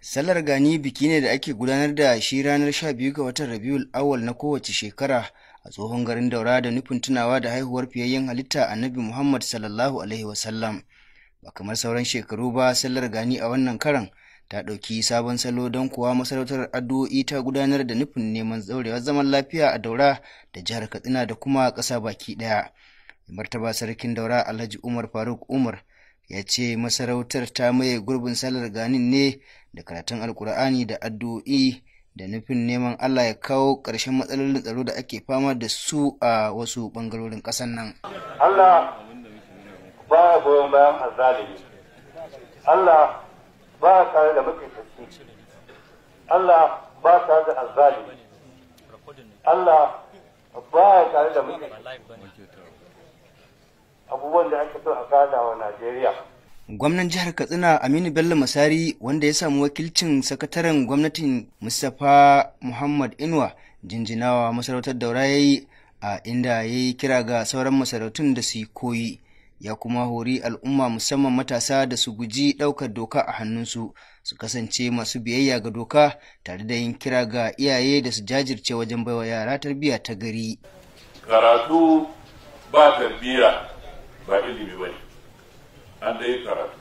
Sallar gani biki ne da ake gudanar da shi ranar 12 ga watan Rabiul Awwal na kowace shekara a tsohon garin Daura da nufin tunawa da haihuwar fiyayyen halitta Annabi Muhammad sallallahu alaihi wasallam. Ba kamar sauran shekaru ba sallar gani a wannan karan ta ɗauki sabon salo don kuwa masarautar addu'o'i ta gudanar da nufin neman zaurewar zaman lafiya a Daura da jihar Katsina da kuma ƙasa baki ɗaya. Martaba sarkin Daura Alhaji Umar Faruk Umar ya ce masarautar ta maye gurbin salar ganin ne da karatun alkur'ani da addu'o'i da nufin neman allah ya kawo ƙarshen matsalolin tsaro da ake fama da su a wasu ɓangarorin ƙasar nan allah ba ya goyon bayan azalimi allah ba ya tare da mafifici allah ba ya tare da azalimi allah ba ya tare da mafifici abubuwan da ake so a gada wa Najeriya. Gwamnan jihar Katsina Aminu Bello Masari wanda ya samu wakilcin sakataren gwamnatin Mustapha Muhammad Inuwa jinjinawa masarautar daura ya a inda ya yi kira ga sauran masarautun da su yi koyi ya kuma hori al'umma musamman matasa da su guji ɗaukar doka a hannunsu su kasance masu biyayya ga doka tare da yin kira ga iyaye da su jajirce wajen baiwa yara tarbiyya ta gari. Karatu ba tarbiyya ba ilimi ba ne an yi karatu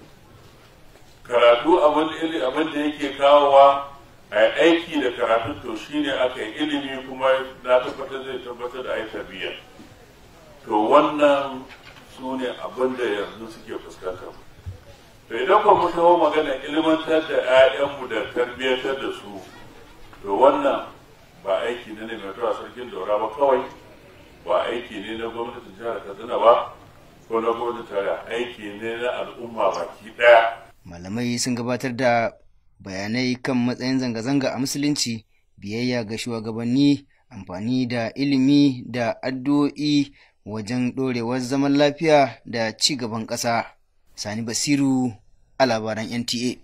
karatu abin da yake kawowa a aiki da karatu to ne aka yi ilimi kuma na tabbatar zai tabbatar da aisa tarbiyya to wannan su ne abin yanzu suke fuskantar. to idan ba mu taho magana ilimantar da 'ya'yanmu da tarbiyyatar da su to wannan ba aiki ne mai tura sarkin daura ba kawai ba aiki ne na gwamnatin jihar Kaduna ba ko na gwamnati aiki ne na al'umma baki ɗaya. malamai sun gabatar da bayanai kan matsayin zanga-zanga a musulunci biyayya ga shugabanni amfani da ilimi da addu'o'i wajen ɗorewar zaman lafiya da ci gaban ƙasa sani basiru a labaran nta